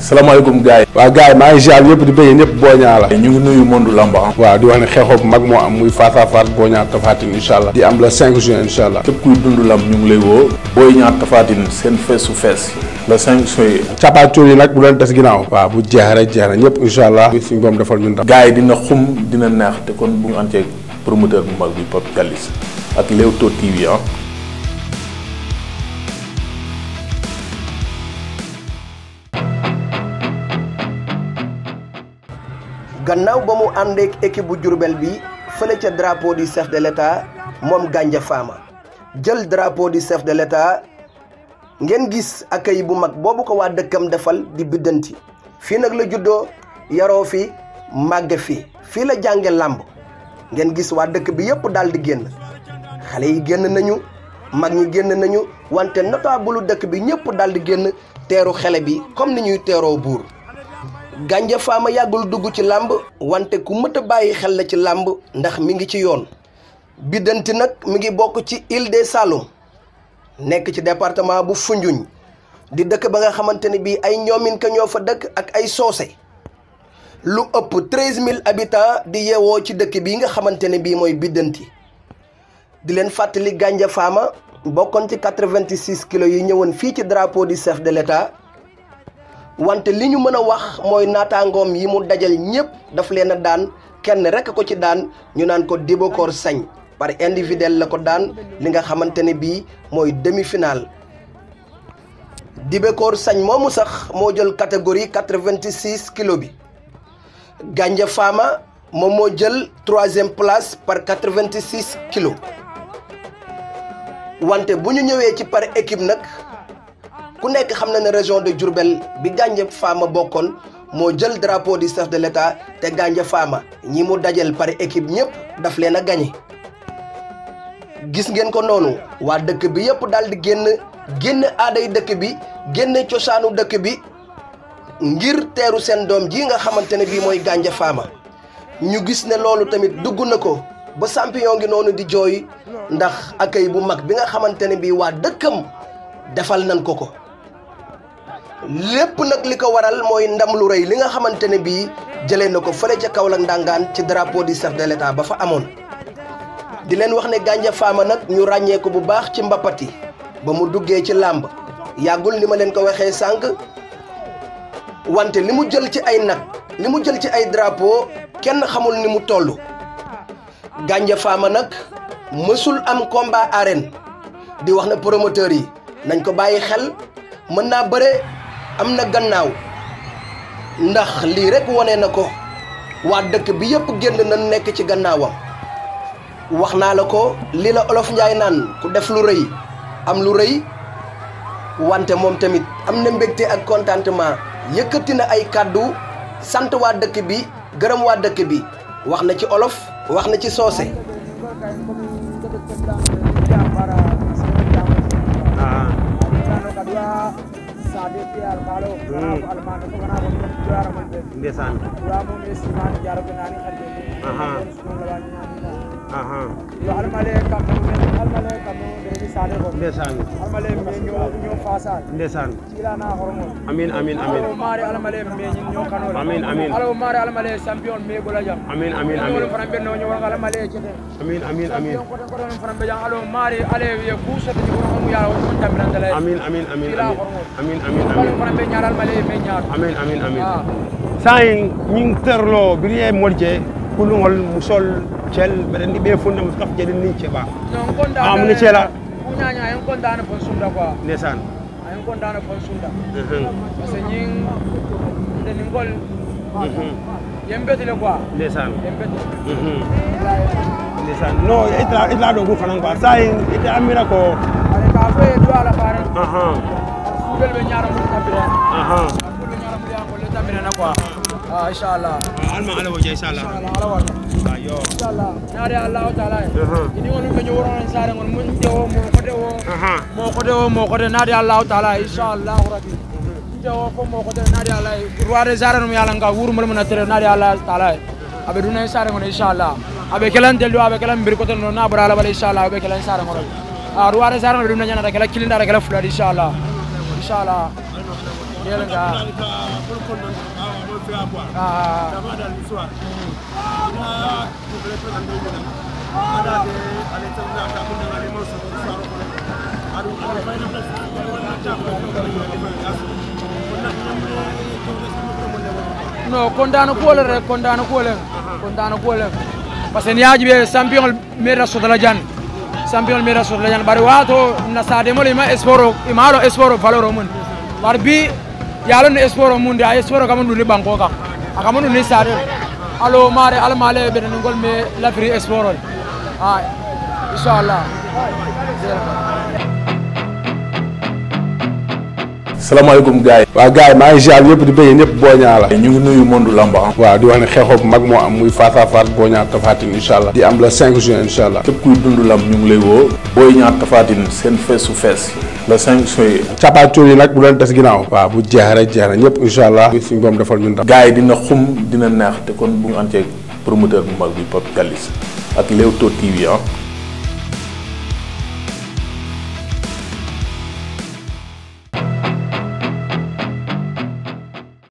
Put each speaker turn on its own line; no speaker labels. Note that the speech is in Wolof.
salaamaaleykum gars yi waaw maa ngi ziar ñëpp di bëgg ñëpp booñaa la ñu ngi nuyu monde lamba ah. waaw di wax ne xeexoo bu mag moo am muy face à face booñaa tafatin incha di am la 5 juin incha allah képp kuy dund lamb ñu ngi lay booy ñaar tafatin seen fees su fees le 5 juin cappaacoo yi nag bu leen des ginnaaw waaw bu jeex rek jeex na ñëpp incha allah suñu boom defal ñun tam gars yi dina xum dina neex te kon bu ñu ànd ceeg promoteur bu mag bi Pape Galis ak Leewtoo TV ah gannaaw ba mu àndeek équipe bu Diourbel bi fële ca drapeau du chef de l'État moom Gandia jël drapo du chef de l'État ngeen gis accueil bu mag boobu ko waa dëkkam defal di biddanti fii nag la juddoo yaroo fi màgge fii fii la jànge làmb ngeen gis waa dëkk bi yëpp daal di génn xale yi génn nañu mag ñi génn nañu wante notable dëkk bi ñëpp daal di génn teeru xale bi comme ni ñuy teeroo buur Gandia Fama yàggul dugg ci làmb wante ku mët a bàyyi xel la ci làmb ndax mi ngi ci yoon biddanti nag mi ngi bokk ci Île salom nekk ci département bu Foundiougne di dëkk ba nga xamante ne bii ay ñoomin ka ñoo fa dëkk ak ay soose lu ëpp treize mille habitants di yeewoo ci dëkk bii nga xamante ne bii mooy biddanti di leen fàttali Gandia Fama bokkoon ci quatre-vingt-six kilos yi ñëwoon fii ci drapeau du chef de l'État wante li ñu mën a wax mooy naataangoom yi mu dajal ñëpp daf leen a daan kenn rekk ko ci daan ñu naan ko Dibakor Sagne par individuel la ko daan li nga xamante ne bii mooy demi-finale Dibakor sañ moomu sax moo jël catégorie quatre-vingt-six kilos bi Gandia Fama moom moo jël troisième place par quatre-vingt-six wante bu ñu ñëwee ci par équipe nag ku nekk xam na ne région de Diourbel bi Gandia Fama bokkoon moo jël drapo di chef de l'État te Gandia faama ñii mu dajal par équipe ñëpp daf leen a gañe gis ngeen ko noonu waa dëkk bi yëpp daal di génn génn aaday dëkk bi génn cosaanu dëkk bi ngir teeru seen doom ji nga xamante ne bii mooy Gandia faama ñu gis ne loolu tamit dugg na ko ba champion ngi noonu di jooy ndax accueil bu mag bi nga xamante ne bii waa dëkkam defal nañ ko ko lépp nag li ko waral mooy ndam lu rey li nga xamante ne bii jëlee na ko fële ca Kaolack ndàngaan ci drapeau di chef ba fa amoon di leen wax ne Gandia Fama nag ñu ràññee ko bu baax ci mbapat yi ba mu duggee ci làmb yàggul ni ma leen ko waxee sànk wante li mu jël ci ay nag li mu jël ci ay darapo kenn xamul ni mu toll Gandia faama nag mësul am komba arène di wax na promoteurs yi nañ ko bàyyi xel mën naa bëre am na gannaaw ndax lii rekk wone na ko waa dëkk bi yëpp génn na nekk ci gannaawam wax naa la ko li la olof njaay naan ku def lu rëy am lu rëy wante moom tamit am na mbégte ak kontantement yëkkati na ay kàddu sant waa dëkk bi gërëm waa dëkk bi wax na ci olof wax na ci soose
ah. sade tiyar maro kana ko almano ko kana ko tiyar man de ndesan wa mo mes man jaro ko nani xarbe aha ko ngala ni yo almale kamɓe almale kamɓe ɓeɗeɗi sade ko ndesan almale meño ño fasal ndesan cilana hormon amin amin amin alo ah. maare almale meñin ño kanole amin amin alo maare almale champion me gola jam amin amin amin fana ɓenno ño wonko almale cete amin amin amin kote kote on fana ɓe jam alo maare ale ye kusati ko on yaa on tambinantala amin amin amin cila hormon amin amin amin fana ɓe ñaar almale me ñaar amin amin amin sayin ñing terlo biriye molje kulluhol musol cel mbeɗen ɗi ɓe funde mo kaf jeɗen ah, ni ceɓa amni ceela kuñaña hen condane bon sunda quoi ndesan ahen condane bon sunda par ce que ñin ndeningol yen betile quoi ndesan yen betile ndesan non itla ɗo ngu fanan quoi sa ite ammira ko aɗa ka foye duwala faren suudel ɓe ñaara mum kabira waaw incha allah. waaw alma ala wajja incha allah. incha allah allahu taala. ini woni ko ñu waroon saare ngon mun tewo kote wo. mo kote wo mo kote naare allahu taala incha allah rabbi. tewo fo mo kote naare allah ruwaade uh-huh. saare num uh-huh. yalla nga wuru mal mona tere naare allah taala. abe dunay saare ngon incha allah. abe kelan teldu abe kelan bir kote no na bara ala bal incha allah abe kelan saare ngon. a ah, ruwaade saare ngon dunay nyana da kala kilinda da kala fulade incha allah. incha mooy fait à boire. d'abord dans l'histoire. Moi, je voulais faire un peu de Ada de No, kondano kuala re, kondano kuala, kondano kuala. Pasal ni aja biar sampion merah saudara jan. Sampion merah saudara jan. Baru waktu nasa demo lima esporo, imalo yalon esporo munde a esporo kamandu ni banko ka a kamandu ni sare alo mare al male be ngol me lafri esporo ay inshallah
salaamaaleykum gars yi waaw maa ngi ziar ñëpp di bëggee ñëpp booñaa la ñu ngi nuyu monde lamba ah. waaw di wax ne xeexoo bu mag moo am muy face à face booñaa tafaatin incha allah di am la 5 juin incha allah képp kuy dund lamb ñu ngi lay woo booñaa tafaatin seen fees su fees le 5 juin cappaacoo yi nag bu leen des ginnaaw waaw bu jeex rek jeex na ñëpp incha allah suñu boom defal ñun tam gars yi dina xum dina neex te kon bu ñu ànd ceeg bu mag bi Pape Galis ak Leewtoo TV ah